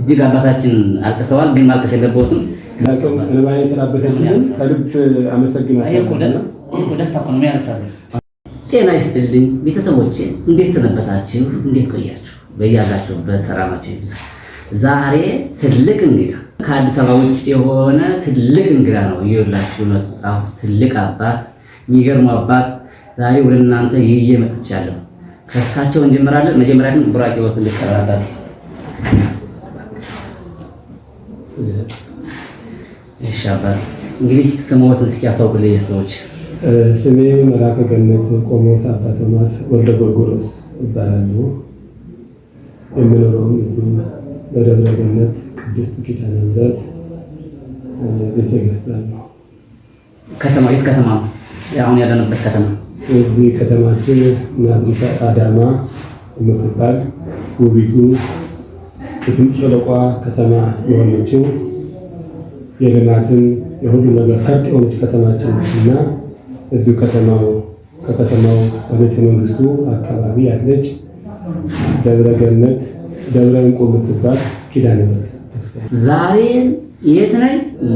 እጅግ አባታችን አልቅሰዋል፣ ግን ማልቀስ የለበትም። ጤና ይስጥልኝ ቤተሰቦቼ፣ እንዴት ሰነበታችሁ? እንዴት ቆያችሁ? በያላችሁበት ሰላማችሁ ይብዛ። ዛሬ ትልቅ እንግዳ ከአዲስ አበባ ውጭ የሆነ ትልቅ እንግዳ ነው ይኸውላችሁ መጣሁ። ትልቅ አባት፣ የሚገርሙ አባት ዛሬ ወደ እናንተ ይዤ መጥቻለሁ። ከእሳቸው እንጀምራለን። መጀመሪያ ግን ቡራቄዎትን ወት እንድቀራባት እሺ እንግዲህ ስሞትን እስኪ ያሳውቁልኝ ሰዎች። ስሜ መላከ ገነት ቆሞስ አባ ቶማስ ወልደ ጎርጎሮስ እባላለሁ። የምኖረውም እዚሁ በደብረ ገነት ቅድስት ኪዳነ ምሕረት ቤተክርስቲያን ነው። ከተማ የት ከተማ ነው? አሁን ያለንበት ከተማ እዚህ ከተማችን ናዝሬት አዳማ የምትባል ውቢቱ የፍንጭ ሸለቋ ከተማ የሆነችው የልማትን የሁሉም ነገር ፈርጥ የሆነች ከተማችን እና እዚሁ ከተማው ከከተማው በቤተ መንግስቱ አካባቢ ያለች ደብረ ገነት ደብረ እንቁ የምትባል ኪዳነ ምሕረት የት ነኝ?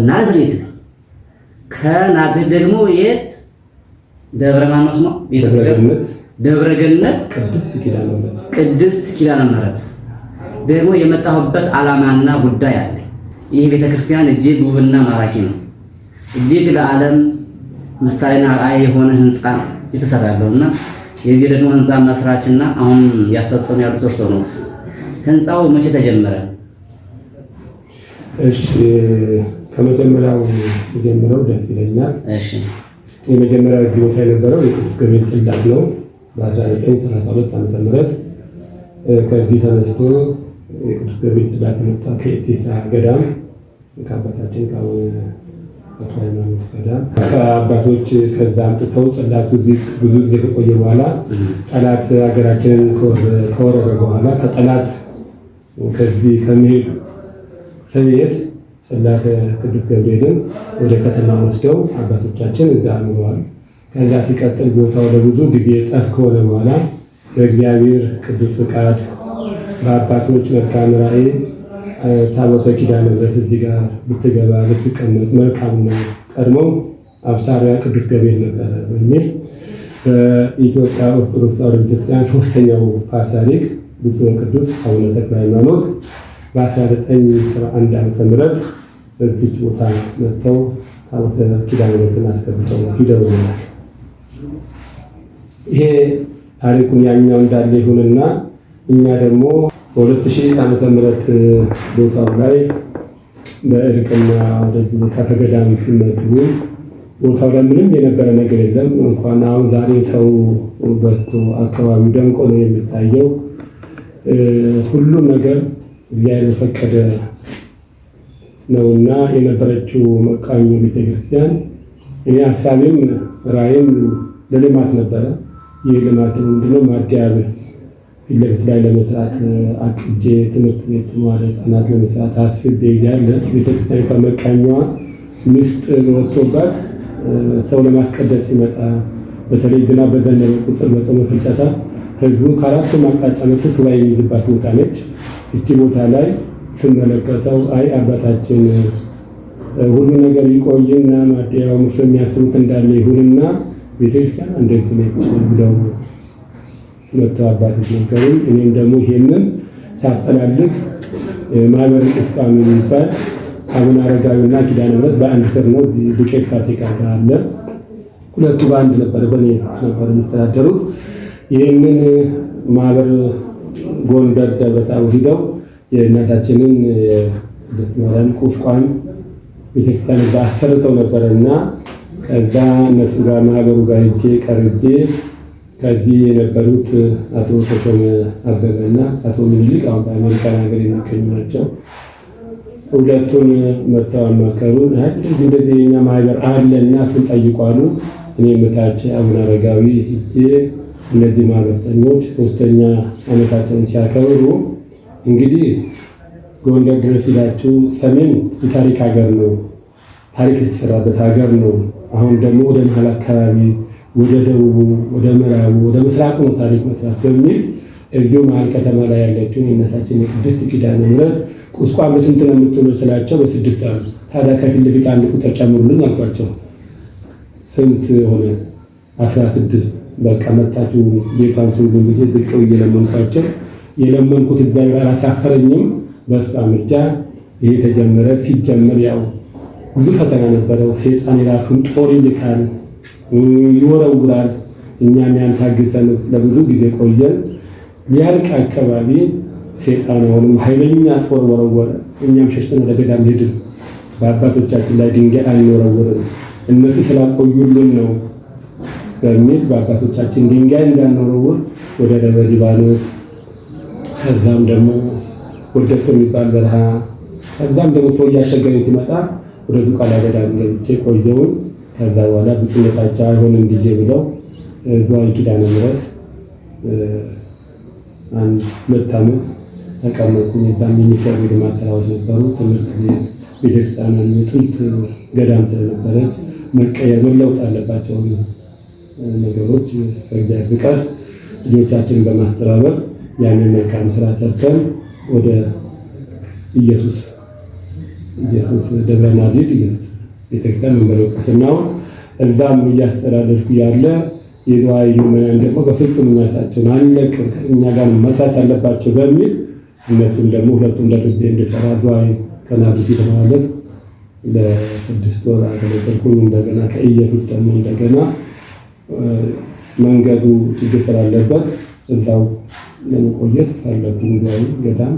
ናዝሬት ነኝ። ከናዝሬት ደግሞ የት ደብረ ነው። ደብረ ገነት ቅድስት ኪዳነ ደግሞ የመጣሁበት ዓላማና ጉዳይ አለ። ይህ ቤተ ክርስቲያን እጅግ ውብና ማራኪ ነው። እጅግ ለዓለም ምሳሌና ራዕይ የሆነ ህንፃ የተሰራ ያለውና የዚህ ደግሞ ህንፃ መስራችና አሁን ያስፈጸሙ ያሉት እርስዎ ነው። ህንፃው መቼ ተጀመረ? እሺ፣ ከመጀመሪያው የጀምረው ደስ ይለኛል። እሺ፣ የመጀመሪያው እዚህ ቦታ የነበረው የቅዱስ ገብርኤል ጽላት ነው በ1932 ዓ ም ከዚህ ተነስቶ የቅዱስ ገብርኤል ስብሐት የመጣ ከኢቴሳ ገዳም ከአባታችን ከአቡነ አቶ ሃይማኖት ገዳም ከአባቶች ከዛ አምጥተው ጽላቱ እዚህ ብዙ ጊዜ ከቆየ በኋላ ጠላት ሀገራችንን ከወረረ በኋላ ከጠላት ከዚህ ከመሄዱ ሰሜሄድ ጽላተ ቅዱስ ገብርኤልን ወደ ከተማ ወስደው አባቶቻችን እዛ አኑረዋል። ከዛ ሲቀጥል ቦታው ለብዙ ጊዜ ጠፍ ከሆነ በኋላ በእግዚአብሔር ቅዱስ ፍቃድ በአባቶች መልካም ራእይ ታቦተ ኪዳነ ምሕረት እዚህ ጋር ብትገባ ብትቀመጥ መልካም ነው፣ ቀድሞው አብሳሪያ ቅዱስ ገብርኤል ነበረ በሚል በኢትዮጵያ ኦርቶዶክስ ተዋሕዶ ቤተክርስቲያን ሶስተኛው ፓትርያርክ ብፁዕ ቅዱስ አቡነ ተክለ ሃይማኖት በ1971 ዓ ም እዚች ቦታ መጥተው ታቦተ ኪዳነ ምሕረትን አስገብተው ይደውልናል። ይሄ ታሪኩን ያኛው እንዳለ ይሁንና እኛ ደግሞ በ2000 ዓመተ ምህረት ቦታው ላይ በእርቅና ወደዚህ ቦታ ተገዳሚ ሲመድቡ ቦታው ላይ ምንም የነበረ ነገር የለም። እንኳን አሁን ዛሬ ሰው በዝቶ አካባቢው ደምቆ ነው የሚታየው። ሁሉም ነገር እግዚአብሔር የፈቀደ ነውና የነበረችው መቃኞ ቤተክርስቲያን እኔ ሀሳቤም ራዕይም ለልማት ነበረ። ይህ ልማት ምንድነው ማደያ ፊት ለፊት ላይ ለመስራት አቅጄ ትምህርት ቤት ተማሪ ህጻናት ለመስራት አስቤ እያለ ቤተክርስቲያኒቷ መቃኛዋ ምስጢር ወጥቶባት ሰው ለማስቀደስ ሲመጣ በተለይ ዝናብ በዘነበ ቁጥር በጾመ ፍልሰታ ህዝቡ ከአራቱም አቅጣጫ መጥቶ ሱባኤ የሚይዝባት ቦታ ነች። እቺ ቦታ ላይ ስመለከተው አይ አባታችን ሁሉ ነገር ይቆይና ማደያው ሙሾ የሚያስቡት እንዳለ ይሁንና ቤተክርስቲያን እንደዚህ ነች ብለው መጥተው አባቶች ነገሩኝ። እኔም ደግሞ ይሄንን ሳፈላልግ ማህበረ ቂስቋም የሚባል አቡነ አረጋዊና ኪዳነ ምሕረት በአንድ ስር ነው። ዱቄት ፋብሪካ ጋር አለ። ሁለቱ በአንድ ነበረ፣ በኔት ነበር የሚተዳደሩት። ይህንን ማህበር ጎንደር ደብረ ሂደው የእናታችንን የቅድስት ማርያም ቂስቋም ቤተክርስቲያን አሰርተው ነበረ እና ከዛ እነሱ ጋር ማህበሩ ጋር ሄጄ ቀርቤ ከዚህ የነበሩት አቶ ተሾመ አበበ እና አቶ ምኒልክ አሁን በአሜሪካን ሀገር የሚገኙ ናቸው። ሁለቱን መጥተው አማከሩን። እንደዚህ የኛ ማህበር አለና ጠይቋሉ። እኔ ምታች አቡነ አረጋዊ ሂጄ እነዚህ ማህበርተኞች ሶስተኛ አመታቸውን ሲያከብሩ እንግዲህ ጎንደር ድረስ ሄዳችሁ ሰሜን የታሪክ ሀገር ነው፣ ታሪክ የተሰራበት ሀገር ነው። አሁን ደግሞ ወደ መሀል አካባቢ ወደ ደቡቡ፣ ወደ ምዕራቡ፣ ወደ ምስራቁ ነው ታሪክ መስራት በሚል እዚሁ መሀል ከተማ ላይ ያለችውን የእናታችን የቅድስት ኪዳነ ምሕረት ቁስቋም በስንት ነው የምትውሉ ስላቸው በስድስት አሉ። ታዲያ ከፊት ለፊት አንድ ቁጥር ጨምሩልን አልኳቸው። ስንት ሆነ? አስራ ስድስት በቃ መታችሁ ጌታን ስንጉን ጊዜ ዝቀው እየለመንኳቸው የለመንኩት እግዚአብሔር አላሳፈረኝም። በሷ ምርጫ ይሄ ተጀመረ። ሲጀመር ያው ብዙ ፈተና ነበረው። ሴጣን የራሱን ጦር ይልካል። ይወረውራል። እኛም ያን ታግሰን ለብዙ ጊዜ ቆየን። ሊያልቅ አካባቢ ሴጣን አሁንም ኃይለኛ ጦር ወረወረ። እኛም ሸሽተን ወደ ገዳም ሄድን። በአባቶቻችን ላይ ድንጋይ አንወረውርም፣ እነሱ ስላቆዩልን ነው በሚል በአባቶቻችን ድንጋይ እንዳንወረውር ወደ ደብረ ሊባኖስ ከዛም ደግሞ ወደ የሚባል በረሃ ከዛም ደግሞ ሰው እያሸገረኝ ሲመጣ ወደ ዙቃላ ገዳም ገብቼ ቆየውን። ከዛ በኋላ ብፁዕነታቸው አይሆንም ዲጄ ብለው እዛው ኪዳነ ምሕረት አንድ ሁለት ዓመት ተቀመጡ። እዛም የሚሰሩ ልማት ስራዎች ነበሩ። ትምህርት ቤት ቤተክርስቲያን ጥንት ገዳም ስለነበረች መቀየር መለውጥ አለባቸው ነገሮች በእግዚአብሔር ፍቃድ ልጆቻችንን በማስተባበር ያንን መልካም ስራ ሰርተን ወደ ኢየሱስ ኢየሱስ ደብረ ናዝሬት ኢየሱስ ቤተክርስቲያን መንበረ ቅስናውን እዛም እያስተዳደርኩ ያለ የዝዋይ ምዕመናን ደግሞ በፍጹም እኛሳቸውን አንለቅም እኛ ጋር መስራት አለባቸው በሚል እነሱም ደግሞ ሁለቱም ለልቤ እንደሰራ ዘዋይ ከናት ፊት ለስድስት ወር አገለገልኩኝ። እንደገና ከኢየሱስ ደግሞ እንደገና መንገዱ ችግር ስላለበት እዛው ለመቆየት ፈለጉ ዘዋይ ገዳም።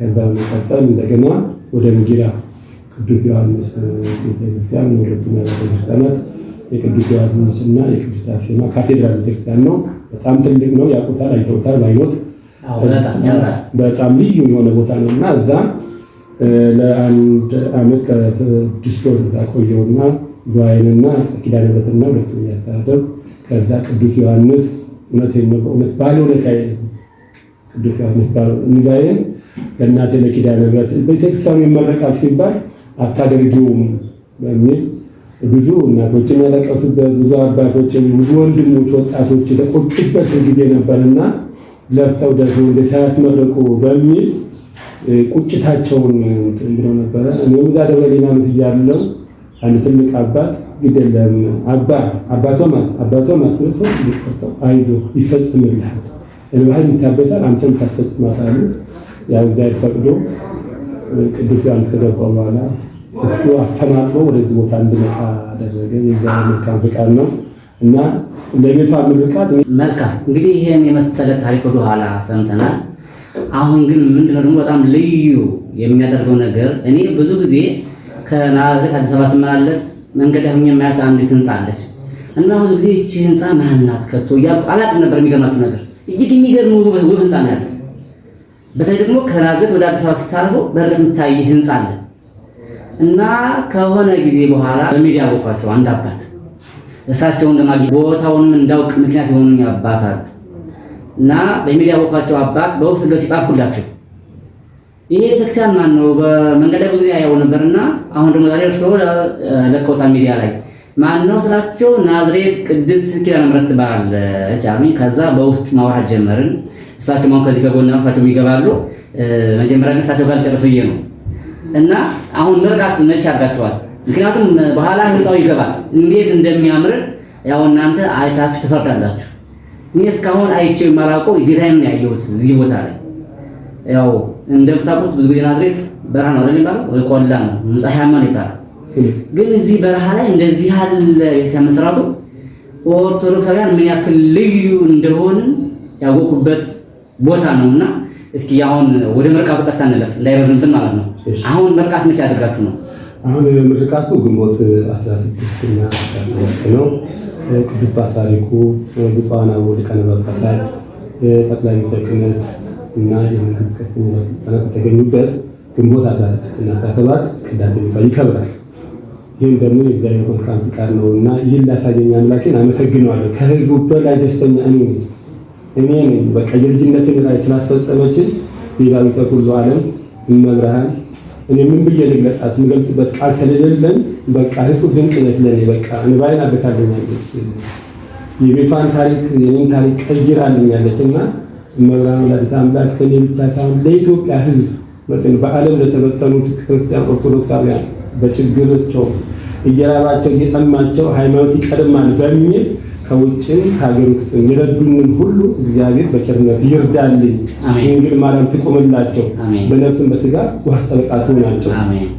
ከዛ መቀጠል እንደገና ወደ ምጊራ ቅዱስ ዮሐንስ ቤተክርስቲያን የሁለቱም አብያተ ክርስቲያናት የቅዱስ ዮሐንስ እና የቅድስት አርሴማ ካቴድራል ቤተክርስቲያን ነው። በጣም ትልቅ ነው። ያውቁታል፣ አይተውታል ባይኖት በጣም ልዩ የሆነ ቦታ ነው እና እዛ ለአንድ ዓመት ከስድስት ወር እዛ ቆየውና ዘዋይንና ኪዳነበትና ሁለቱም እያስተዳደርኩ ከዛ ቅዱስ ዮሐንስ እውነት በእውነት ባለ ሁለት ቅዱስ ዮሐንስ ባለ እንዳይን ለእናቴ ለኪዳነብረት ቤተክርስቲያኑ ይመረቃል ሲባል አታደርጊውም በሚል ብዙ እናቶችን ያለቀሱበት ብዙ አባቶችን ብዙ ወንድሞች ወጣቶች የተቆጩበት ጊዜ ነበርና ለፍተው ደግሞ እንደ ሳያስመርቁ በሚል ቁጭታቸውን ብለው ነበረ። እኔም እዛ ደብረ ሊባኖስ እያለሁ አንድ ትልቅ አባት ግደለም አባ አባቶ ማለት አባቶ ማስረሰው ይቆጠው አይዞ ይፈጽምልሃል፣ እንባህል ይታበሳል፣ አንተም ታስፈጽማታሉ ያው እግዚአብሔር ፈቅዶ ቅዱስ ዮሐንስ ከገባ በኋላ እሱ አፈናጥሮ ወደዚህ ቦታ እንድመጣ አደረገ። የዛ መልካም ፍቃድ ነው እና ለቤቷ ምርቃት መልካም። እንግዲህ ይህን የመሰለ ታሪክ ወደ ኋላ ሰምተናል። አሁን ግን ምንድነው ደግሞ በጣም ልዩ የሚያደርገው ነገር እኔ ብዙ ጊዜ ከናዝሬት አዲስ አበባ ስመላለስ መንገድ ላይ ሁኜ የማያት አንዲት ህንፃ አለች እና ብዙ ጊዜ ይቺ ህንፃ ማህናት ከቶ እያልኩ አላቅም ነበር። የሚገርማችሁ ነገር እጅግ የሚገርም ውብ ህንፃ ነው ያለው በተለይ ደግሞ ከናዝሬት ወደ አዲስ አበባ ስታርፉ በር የምታይ ህንፃ አለ እና ከሆነ ጊዜ በኋላ በሚዲያ አወኳቸው። አንድ አባት እሳቸውን ለማግኘት ቦታውንም እንዳውቅ ምክንያት የሆኑ አባት አሉ እና በሚዲያ አወኳቸው። አባት በውስጥ ገብቼ ጻፍኩላቸው። ይሄ ቤተክርስቲያን ማን ነው? በመንገድ ላይ ጊዜ ያየው ነበርና አሁን ደግሞ ዛሬ እርስዎ ለቀውታ ሚዲያ ላይ ማን ነው ስላቸው፣ ናዝሬት ቅድስት ኪዳነ ምሕረት ትባላለች አሉኝ። ከዛ በውስጥ ማውራት ጀመርን። እሳቸው አሁን ከዚህ ከጎን ነው እሳቸው ይገባሉ። መጀመሪያ ግን እሳቸው ጋር ጨርስ ብዬ ነው እና አሁን ምርቃት መች አድርጋችኋል? ምክንያቱም በኋላ ህንፃው ይገባል እንዴት እንደሚያምር ያው እናንተ አይታችሁ ትፈርዳላችሁ። እኔ እስካሁን አይቼው የማላውቀው ዲዛይን ነው ያየሁት እዚህ ቦታ ላይ። ያው እንደምታውቁት ብዙ ጊዜ ናዝሬት በረሃ ነው አይደል የሚባለው? ቆላ ነው፣ ፀሐያማ ነው ይባላል ግን እዚህ በረሃ ላይ እንደዚህ ያለ የተመስራቱ ኦርቶዶክሳውያን ምን ያክል ልዩ እንደሆን ያወቁበት ቦታ ነውና እስኪ አሁን ወደ መርቃቱ ቀጥታ እንለፍ፣ እንዳይረዝምብን ማለት ነው። አሁን መርቃት መቼ አድርጋችሁ ነው? አሁን ምርቃቱ ግንቦት 16 እና 17 ነው። ቅዱስ ፓትርያርኩ ብፁዓን አበው ሊቃነ ጳጳሳት፣ ጠቅላይ ቤተ ክህነት እና የመንግስት ከፍተኛ ባለስልጣናት የተገኙበት ግንቦት 16 እና 17 ቅዳሴ ይከብራል። ይህም ደግሞ የእግዚአብሔር መልካም ፍቃድ ነው እና ይህን ላሳየኝ አምላኬን አመሰግነዋለሁ። ከህዝቡ በላይ ደስተኛ እኔ እኔ በቃ የልጅነትን ላይ ስላስፈጸመችን ቤዛዊተ ኩሉ ዓለም እመብርሃን እኔ ምን ብዬ ልግለጣት? የምገልጽበት ቃል ስለሌለን በቃ እጹብ ድንቅነት ነች ለእኔ በቃ እንባይን አበሳለኛለች። የቤቷን ታሪክ የኔን ታሪክ ቀይራልኛለች እና እመብርሃን ወላዲተ አምላክ ከኔ ብቻ ሳይሆን ለኢትዮጵያ ህዝብ በዓለም ለተበተኑት ክርስቲያን ኦርቶዶክሳውያን በችግሮቸው እየራባቸው እየጠማቸው ሃይማኖት ይቀድማል በሚል ከውጭም ከሀገር ውስጥ የረዱንን ሁሉ እግዚአብሔር በቸርነት ይርዳልኝ። ድንግል ማርያም ትቁምላቸው፣ በነፍስም በስጋ ዋስ ጠበቃ ትሆናቸው።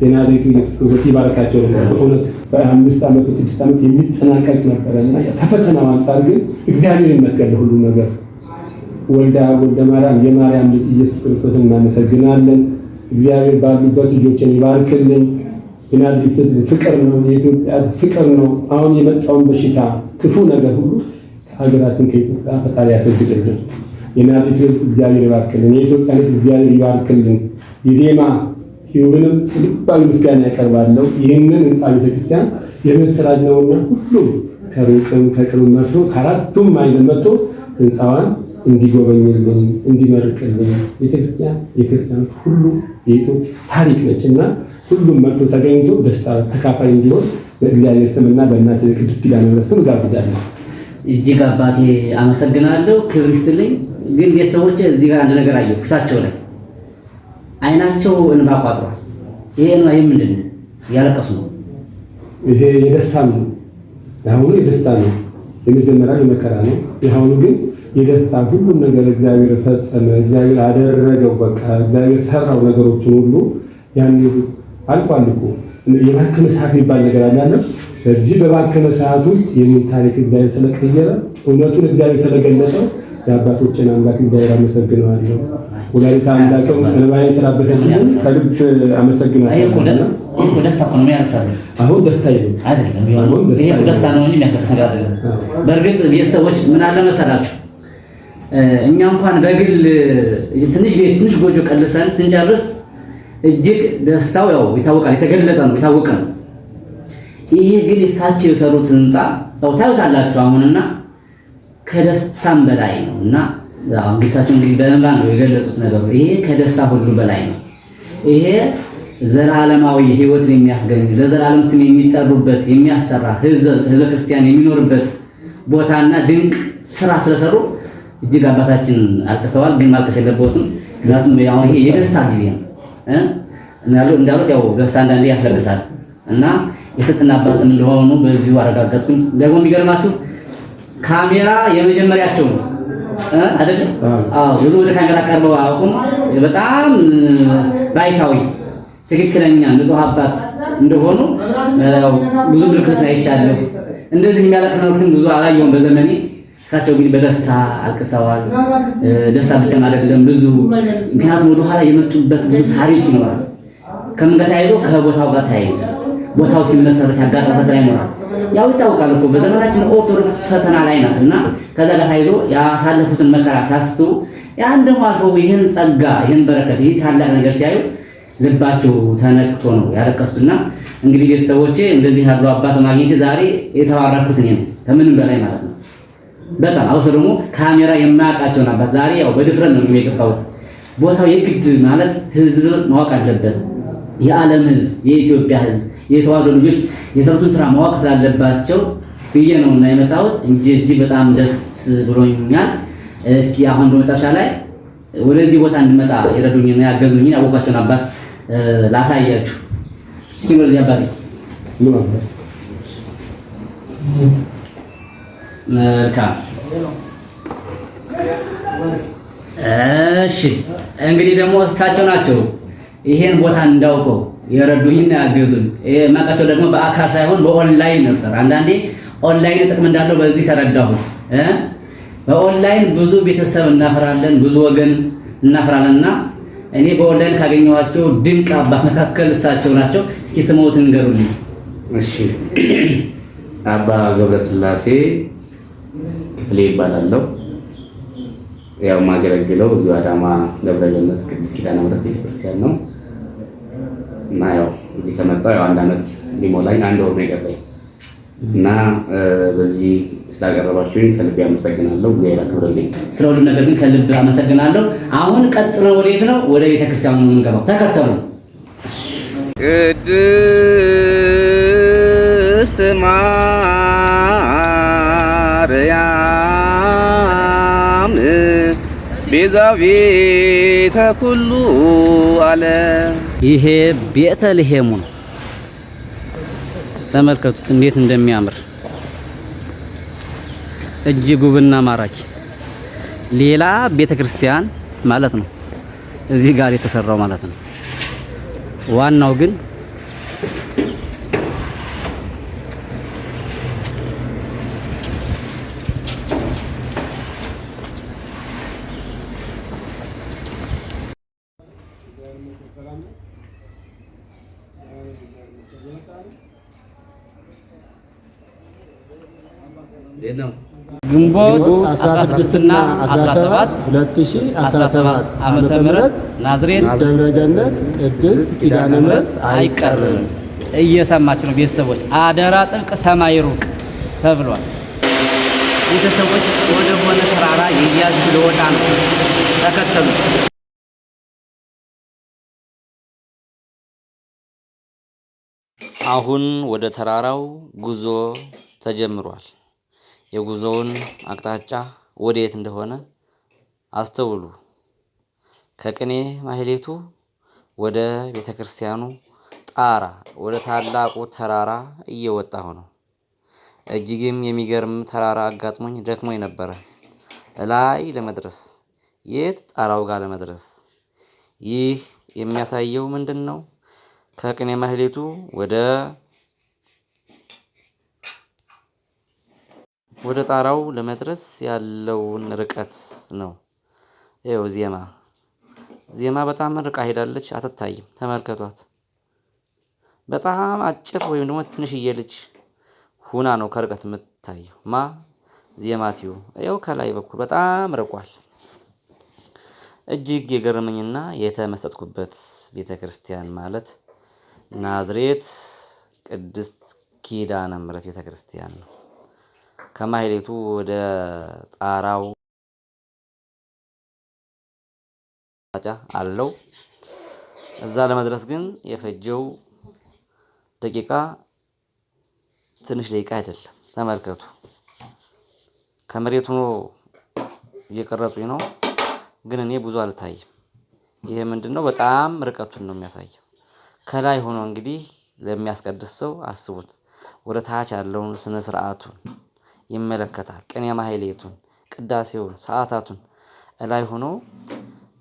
የናዝሬቱ ኢየሱስ ይባርካቸው። በእውነት በአምስት ዓመት ስድስት ዓመት የሚጠናቀቅ ነበረና እና ተፈተናው አንጻር ግን እግዚአብሔር ይመስገን ለሁሉ ነገር። ወልዳ ወልደ ማርያም የማርያም ልጅ ኢየሱስ ክርስቶስን እናመሰግናለን። እግዚአብሔር ባሉበት ልጆችን ይባርክልን። ዩናይትድ ፍቅር ነው፣ የኢትዮጵያ ፍቅር ነው። አሁን የመጣውን በሽታ ክፉ ነገር ሁሉ ከሀገራችን ከኢትዮጵያ ፈጣሪ ያስወግድልን። የናዝሬት ህዝብ እግዚአብሔር ይባርክልን። የኢትዮጵያ ህዝብ እግዚአብሔር ይባርክልን። የዜማ ሲሆንም ልባዊ ምስጋና ያቀርባለው ይህንን ህንፃ ቤተክርስቲያን የመሰራጅ ነውና ሁሉም ከሩቅም ከቅርብ መጥቶ ከአራቱም አይነት መጥቶ ህንፃዋን እንዲጎበኝልን እንዲመርቅልን ቤተክርስቲያን የክርስቲያን ሁሉ የኢትዮጵያ ታሪክ እና ሁሉም መጥቶ ተገኝቶ ደስታ ተካፋይ እንዲሆን በእግዚአብሔር ስምና በእናት ቅድስት ኪዳነ ምሕረት ስም ጋብዛለሁ። እጅግ አባቴ አመሰግናለሁ። ክብር ይስጥልኝ። ግን ቤተሰቦች እዚህ ጋር አንድ ነገር አየሁ። ፊታቸው ላይ አይናቸው እንባ ቋጥሯል። ይሄ ነው። ይሄ ምንድን ነው? እያለቀሱ ነው። ይሄ የደስታ ነው። የአሁኑ የደስታ ነው። የመጀመሪያው የመከራ ነው። የአሁኑ ግን የደስታ ሁሉም ነገር እግዚአብሔር ፈጸመ፣ እግዚአብሔር አደረገው፣ በቃ እግዚአብሔር ሰራው ነገሮችን ሁሉ ያን አልቋል እኮ የባከነ ሰዓት የሚባል ነገር አለ። በዚህ በባከነ ሰዓት ውስጥ የምን ታሪክ እግዚአብሔር ስለቀየረ እውነቱን እግዚአብሔር ስለገለጠው የአባቶችን አምላክ እግዚአብሔር አመሰግነዋለሁ። ወላዲተ አምላክም ተለባይ ተራበተችን ከልብ አመሰግናለሁ። ደስታ ነው የሚያነሳው። አሁን ደስታ ይሁን አይደለም፣ ደስታ ነው እንጂ የሚያስለቅስ ነገር በእርግጥ ቤተሰቦች ምን አለ መሰላችሁ እኛ እንኳን በግል ትንሽ ቤት ትንሽ ጎጆ ቀልሰን ስንጨርስ እጅግ ደስታው ያው ይታወቃል፣ የተገለጸ ነው፣ የታወቀ ነው። ይሄ ግን እሳቸው የሰሩት ህንፃ ያው ታዩታላችሁ አሁንና ከደስታም በላይ ነው እና አሁን እንግዲህ በእንባ ነው የገለጹት ነገሩ። ይሄ ከደስታ ሁሉ በላይ ነው። ይሄ ዘላለማዊ ህይወትን የሚያስገኝ ለዘላለም ስም የሚጠሩበት የሚያስጠራ ህዝበ ክርስቲያን የሚኖርበት ቦታና ድንቅ ስራ ስለሰሩ እጅግ አባታችን አልቅሰዋል። ግን ማልቀስ የለበትም፣ ምክንያቱም ይሄ የደስታ ጊዜ ነው። እንዳሉት ያው በስታ አንዳንዴ ያስለግሳል እና የትትና አባት እንደሆኑ በዚሁ አረጋገጥኩኝ። ደግሞ የሚገርማችሁ ካሜራ የመጀመሪያቸው አይደል? አይደለም? አዎ፣ ብዙ ወደ ካሜራ ቀርበው አያውቁም። በጣም ባይታዊ ትክክለኛ ንጹህ አባት እንደሆኑ ብዙ ምልክት አይቻለሁ። እንደዚህ የሚያለቅስ መልክትም ብዙ አላየሁም በዘመኔ እሳቸው እንግዲህ በደስታ አልቅሰዋል። ደስታ ብቻ አይደለም ብዙ ምክንያቱም ወደኋላ የመጡበት ብዙ ታሪክ ይኖራል። ከምን ጋር ተያይዞ ከቦታው ጋር ተያይዞ ቦታው ሲመሰረት ያጋጠመ ፈተና ይኖራል። ያው ይታወቃል እኮ በዘመናችን ኦርቶዶክስ ፈተና ላይ ናት እና ከዛ ጋር ተያይዞ ያሳለፉትን መከራ ሲያስቱ ያን ደግሞ አልፎ ይህን ጸጋ ይህን በረከት ይህ ታላቅ ነገር ሲያዩ ልባቸው ተነክቶ ነው ያለቀሱትና እንግዲህ ቤተሰቦቼ እንደዚህ ያሉ አባት ማግኘት ዛሬ የተባረኩት እኔ ነው ከምንም በላይ ማለት ነው። በጣም አውሰ ደግሞ ካሜራ የማያውቃቸውን አባት ዛሬ ያው በድፍረት ነው የገባሁት። ቦታው የግድ ማለት ህዝብ ማወቅ አለበት። የዓለም ህዝብ፣ የኢትዮጵያ ህዝብ፣ የተዋህዶ ልጆች የሰሩትን ስራ ማወቅ ስላለባቸው ብዬ ነው እና የመጣሁት እንጂ እጅግ በጣም ደስ ብሎኛል። እስኪ አሁን በመጨረሻ ላይ ወደዚህ ቦታ እንድመጣ የረዱኝ የረዱኝና ያገዙኝ ያወኳቸውን አባት ላሳያችሁ። እስኪ ወደዚህ አባት መልካም እሺ እንግዲህ ደግሞ እሳቸው ናቸው ይሄን ቦታ እንዳውቀው የረዱኝና ያገዙኝ። ማቃቸው ደግሞ በአካል ሳይሆን በኦንላይን ነበር። አንዳንዴ ኦንላይን ጥቅም እንዳለው በዚህ ተረዳሁ። በኦንላይን ብዙ ቤተሰብ እናፈራለን፣ ብዙ ወገን እናፈራለን። እና እኔ በኦንላይን ካገኘኋቸው ድንቅ አባት መካከል እሳቸው ናቸው። እስኪ ስመውት እንገሩልኝ። እሺ አባ ገብረስላሴ ክፍሌ ይባላለሁ። ያው የማገለግለው እዚሁ አዳማ ደብረገነት ቅድስት ኪዳነ ምሕረት ቤተክርስቲያን ነው እና ያው እዚህ ከመጣሁ ያው አንድ ዓመት ሊሞላኝ አንድ ወር ነው የቀረኝ እና በዚህ ስላቀረባችሁኝ ከልብ አመሰግናለሁ። እግዚአብሔር ክብርልኝ ስለ ነገር ግን ከልብ አመሰግናለሁ። አሁን ቀጥሎ ወዴት ነው? ወደ ቤተክርስቲያኑ ነው የምንገባው። ተከተሉ። ቅድስት ማ ማርያም ቤዛዊተ ኩሉ ዓለም። ይሄ ቤተልሔሙ ነው። ተመልከቱት እንዴት እንደሚያምር እጅግ ውብና ማራኪ ሌላ ቤተ ክርስቲያን ማለት ነው እዚህ ጋር የተሰራው ማለት ነው። ዋናው ግን ግንቦት 16ና 17 2017 ዓመተ ምህረት ናዝሬት ደብረ ገነት ቅድስት ኪዳነ ምሕረት አይቀርም። እየሰማች ነው ቤተሰቦች፣ አደራ ጥብቅ ሰማይ ሩቅ ተብሏል። ቤተሰቦች ወደ ሆነ ተራራ የያዝ ለወጣ ነው። ተከተሉ። አሁን ወደ ተራራው ጉዞ ተጀምሯል። የጉዞውን አቅጣጫ ወዴት እንደሆነ አስተውሉ። ከቅኔ ማህሌቱ ወደ ቤተክርስቲያኑ ጣራ ወደ ታላቁ ተራራ እየወጣሁ ነው። እጅግም የሚገርም ተራራ አጋጥሞኝ ደክሞኝ ነበረ። እላይ ለመድረስ የት ጣራው ጋር ለመድረስ ይህ የሚያሳየው ምንድን ነው? ከቅኔ ማህሌቱ ወደ ወደ ጣራው ለመድረስ ያለውን ርቀት ነው። ይኸው ዜማ ዜማ በጣም ርቃ ሄዳለች አትታይም ተመልከቷት። በጣም አጭር ወይም ደግሞ ትንሽዬ ልጅ ሁና ነው ከርቀት የምትታየው ማ ዜማ ትዩ ይኸው ከላይ በኩል በጣም ርቋል። እጅግ የገረመኝና የተመሰጥኩበት ቤተክርስቲያን ማለት ናዝሬት ቅድስት ኪዳነ ቤተ ቤተክርስቲያን ነው ከማህሌቱ ወደ ጣራው አለው። እዛ ለመድረስ ግን የፈጀው ደቂቃ ትንሽ ደቂቃ አይደለም። ተመልከቱ። ከመሬት ሆኖ እየቀረጹኝ ነው፣ ግን እኔ ብዙ አልታይም። ይሄ ምንድነው? በጣም ርቀቱን ነው የሚያሳየው። ከላይ ሆኖ እንግዲህ ለሚያስቀድስ ሰው አስቡት፣ ወደ ታች ያለውን ስነ ስርዓቱን ይመለከታል ቅኔ ማህሌቱን ቅዳሴውን ሰዓታቱን እላይ ሆኖ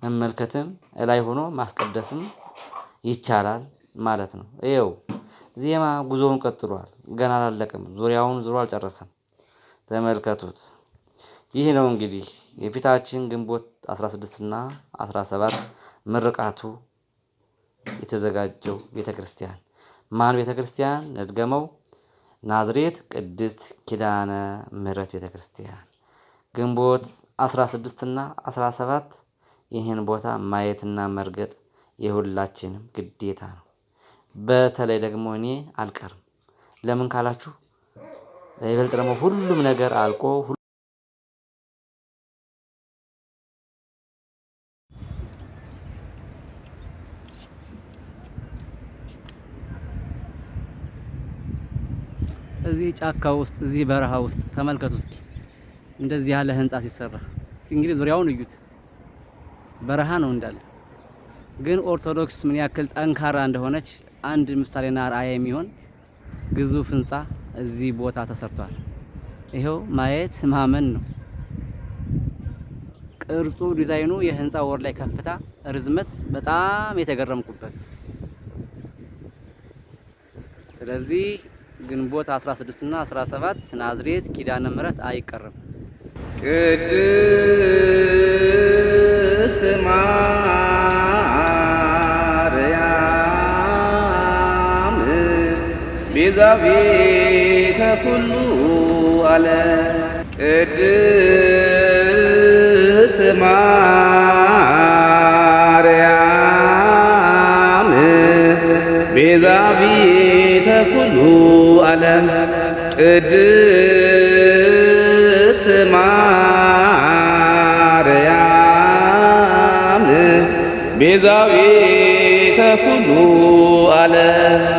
መመልከትም እላይ ሆኖ ማስቀደስም ይቻላል ማለት ነው። ይኸው ዜማ ጉዞውን ቀጥሏል ገና አላለቅም ዙሪያውን ዙሮ አልጨረሰም። ተመልከቱት ይህ ነው እንግዲህ የፊታችን ግንቦት 16 እና 17 ምርቃቱ የተዘጋጀው ቤተክርስቲያን ማን ቤተክርስቲያን ነድገመው ናዝሬት ቅድስት ኪዳነ ምህረት ቤተክርስቲያን ግንቦት 16 እና 17 ይህን ቦታ ማየትና መርገጥ የሁላችንም ግዴታ ነው። በተለይ ደግሞ እኔ አልቀርም። ለምን ካላችሁ? ይበልጥ ደግሞ ሁሉም ነገር አልቆ እዚህ ጫካ ውስጥ እዚህ በረሃ ውስጥ ተመልከቱ እስኪ እንደዚህ ያለ ህንጻ ሲሰራ እስኪ እንግዲህ ዙሪያውን እዩት። በረሃ ነው እንዳለ። ግን ኦርቶዶክስ ምን ያክል ጠንካራ እንደሆነች አንድ ምሳሌና ራእያ የሚሆን ግዙፍ ህንፃ እዚህ ቦታ ተሰርቷል። ይሄው ማየት ማመን ነው። ቅርጹ፣ ዲዛይኑ፣ የህንጻ ወር ላይ ከፍታ፣ ርዝመት በጣም የተገረምኩበት ስለዚህ ግንቦት 16 እና 17 ናዝሬት ኪዳነ ምሕረት አይቀርም። ቅድስት ማርያም ቤዛቤተ ኩሉ ዓለም ቅድስት ቅድስት ማርያም ቤዛዊተ ኩሉ ዓለም